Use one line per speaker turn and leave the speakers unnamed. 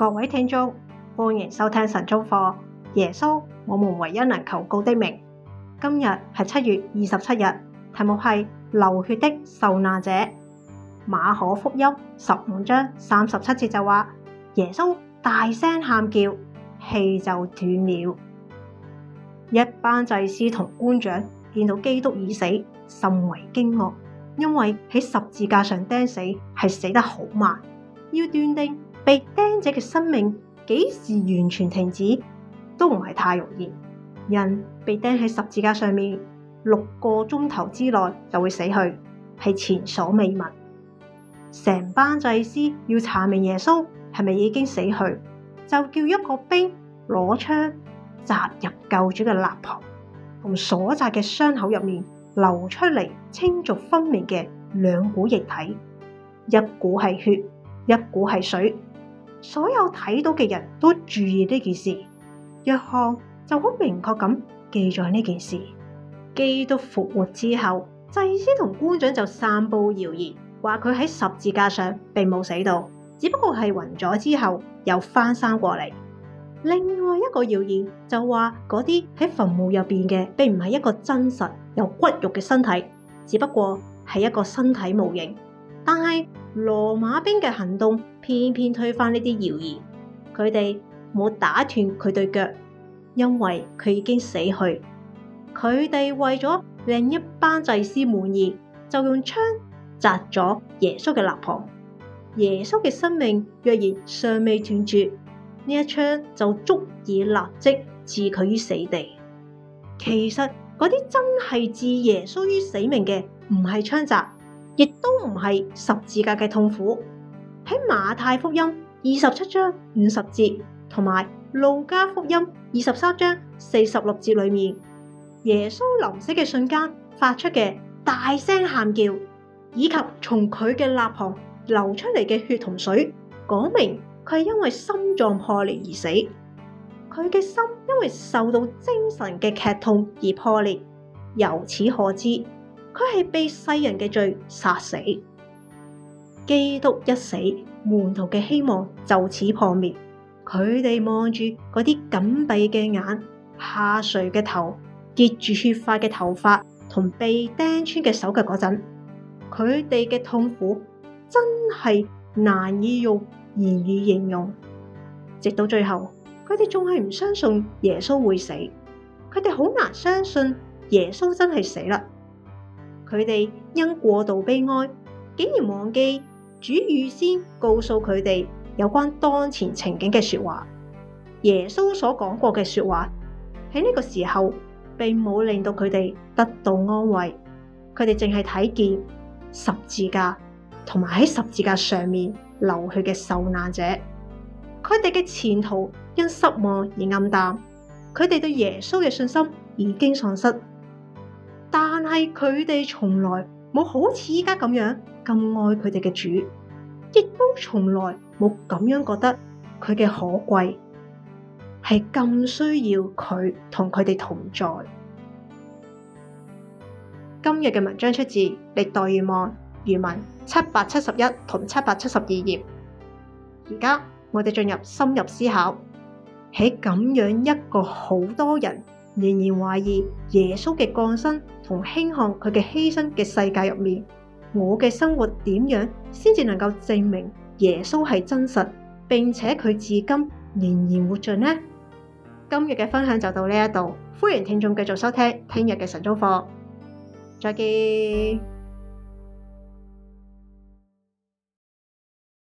各位聽眾，歡迎收聽神中課。耶穌，我們唯一能求告的名。今日係七月二十七日，題目係流血的受難者。馬可福音十五章三十七節就話：耶穌大聲喊叫，氣就斷了。一班祭司同官長見到基督已死，甚為驚愕，因為喺十字架上釘死係死得好慢，要斷定。被釘者嘅生命幾時完全停止都唔係太容易。人被釘喺十字架上面六個鐘頭之內就會死去，係前所未聞。成班祭司要查明耶穌係咪已經死去，就叫一個兵攞槍扎入救主嘅肋旁，從所扎嘅傷口入面流出嚟清濁分明嘅兩股液體，一股係血，一股係水。所有睇到嘅人都注意呢件事，約翰就好明確咁記載呢件事。基督復活之後，祭司同官長就散布謠言，話佢喺十字架上並冇死到，只不過係暈咗之後又翻生過嚟。另外一個謠言就話嗰啲喺墳墓入邊嘅，並唔係一個真實有骨肉嘅身體，只不過係一個身體模型。但係羅馬兵嘅行動，偏偏推翻呢啲謠言，佢哋冇打斷佢對腳，因為佢已經死去。佢哋為咗令一班祭司滿意，就用槍扎咗耶穌嘅肋旁。耶穌嘅生命若然尚未斷絕，呢一槍就足以立即置佢於死地。其實嗰啲真係置耶穌於死命嘅，唔係槍扎，亦都唔係十字架嘅痛苦。喺馬太福音二十七章五十節，同埋路加福音二十三章四十六節裏面，耶穌臨死嘅瞬間發出嘅大聲喊叫，以及從佢嘅肋旁流出嚟嘅血同水，講明佢係因為心臟破裂而死。佢嘅心因為受到精神嘅劇痛而破裂，由此可知，佢係被世人嘅罪殺死。基督一死，門徒嘅希望就此破滅。佢哋望住嗰啲緊閉嘅眼、下垂嘅頭、結住血塊嘅頭髮同被釘穿嘅手腳嗰陣，佢哋嘅痛苦真係難以用言語形容。直到最後，佢哋仲係唔相信耶穌會死，佢哋好難相信耶穌真係死啦。佢哋因過度悲哀，竟然忘記。主預先告訴佢哋有關當前情景嘅說話，耶穌所講過嘅說話喺呢個時候並冇令到佢哋得到安慰，佢哋淨係睇見十字架，同埋喺十字架上面流血嘅受難者，佢哋嘅前途因失望而暗淡，佢哋對耶穌嘅信心已經喪失，但係佢哋從來。冇好似依家咁樣咁愛佢哋嘅主，亦都從來冇咁樣覺得佢嘅可貴，係咁需要佢同佢哋同在。今日嘅文章出自《歷代願望》原文七百七十一同七百七十二頁。而家我哋進入深入思考，喺咁樣一個好多人仍然懷疑耶穌嘅降生。同輕看佢嘅犧牲嘅世界入面，我嘅生活點樣先至能夠證明耶穌係真實，並且佢至今仍然活著呢？今日嘅分享就到呢一度，歡迎聽眾繼續收聽聽日嘅神足課，再見。